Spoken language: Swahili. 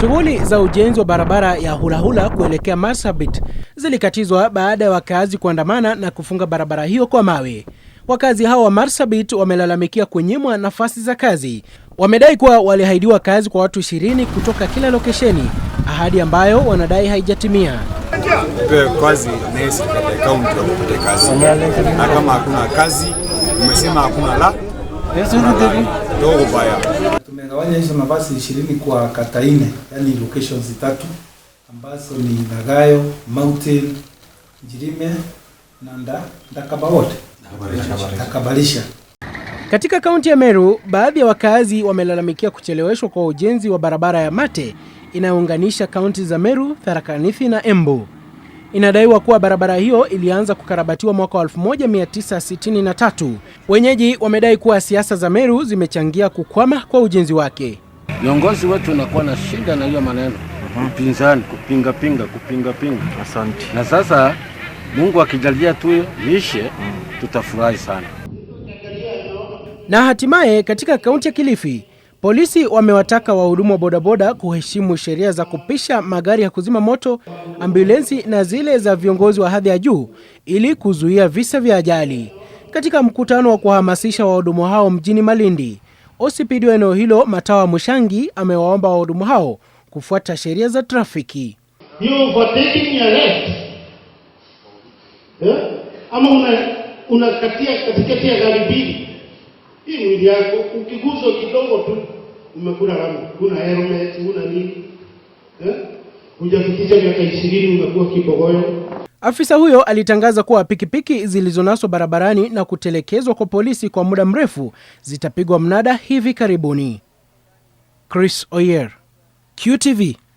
Shughuli za ujenzi wa barabara ya Hulahula kuelekea Marsabit zilikatizwa baada ya wakazi kuandamana na kufunga barabara hiyo kwa mawe. Wakazi hao wa Marsabit wamelalamikia kunyimwa nafasi za kazi. Wamedai kuwa waliahidiwa kazi kwa watu ishirini kutoka kila lokesheni, ahadi ambayo wanadai haijatimia. Tupewe kazi nesi kaunti wakupate kazi, na kama hakuna kazi umesema hakuna la dogo baya. Tumegawanya hizo mabasi ishirini kwa kata nne, yani locations tatu ambazo ni Nagayo, Mountain, Njirime na nda, Ndakabaote Ndakabalisha. Katika kaunti ya Meru, baadhi ya wakazi wamelalamikia kucheleweshwa kwa ujenzi wa barabara ya Mate inayounganisha kaunti za Meru, Tharaka Nithi na Embu. Inadaiwa kuwa barabara hiyo ilianza kukarabatiwa mwaka 1963. Wenyeji wamedai kuwa siasa za Meru zimechangia kukwama kwa ujenzi wake. Viongozi wetu wanakuwa na shida na hiyo maneno mhm. upinzani, kupinga pinga, kupinga pinga. Asante. Na sasa Mungu akijalia tu ishe, mhm. tutafurahi sana. Na hatimaye katika kaunti ya Kilifi Polisi wamewataka wahudumu wa bodaboda kuheshimu sheria za kupisha magari ya kuzima moto, ambulensi na zile za viongozi wa hadhi ya juu ili kuzuia visa vya ajali. Katika mkutano wa kuhamasisha wahudumu hao mjini Malindi, OCPD wa eneo hilo Matawa Mushangi amewaomba wahudumu hao kufuata sheria za trafiki. Eh? Ama unakatia katikati ya gari mbili hii mwili yako ukiguswa kidogo tu umekula lamu, kuna helmet, kuna nini eh? Hujafikisha miaka ishirini umekuwa kibogoyo. Afisa huyo alitangaza kuwa pikipiki zilizonaswa barabarani na kutelekezwa kwa polisi kwa muda mrefu zitapigwa mnada hivi karibuni. Chris Oyer, QTV.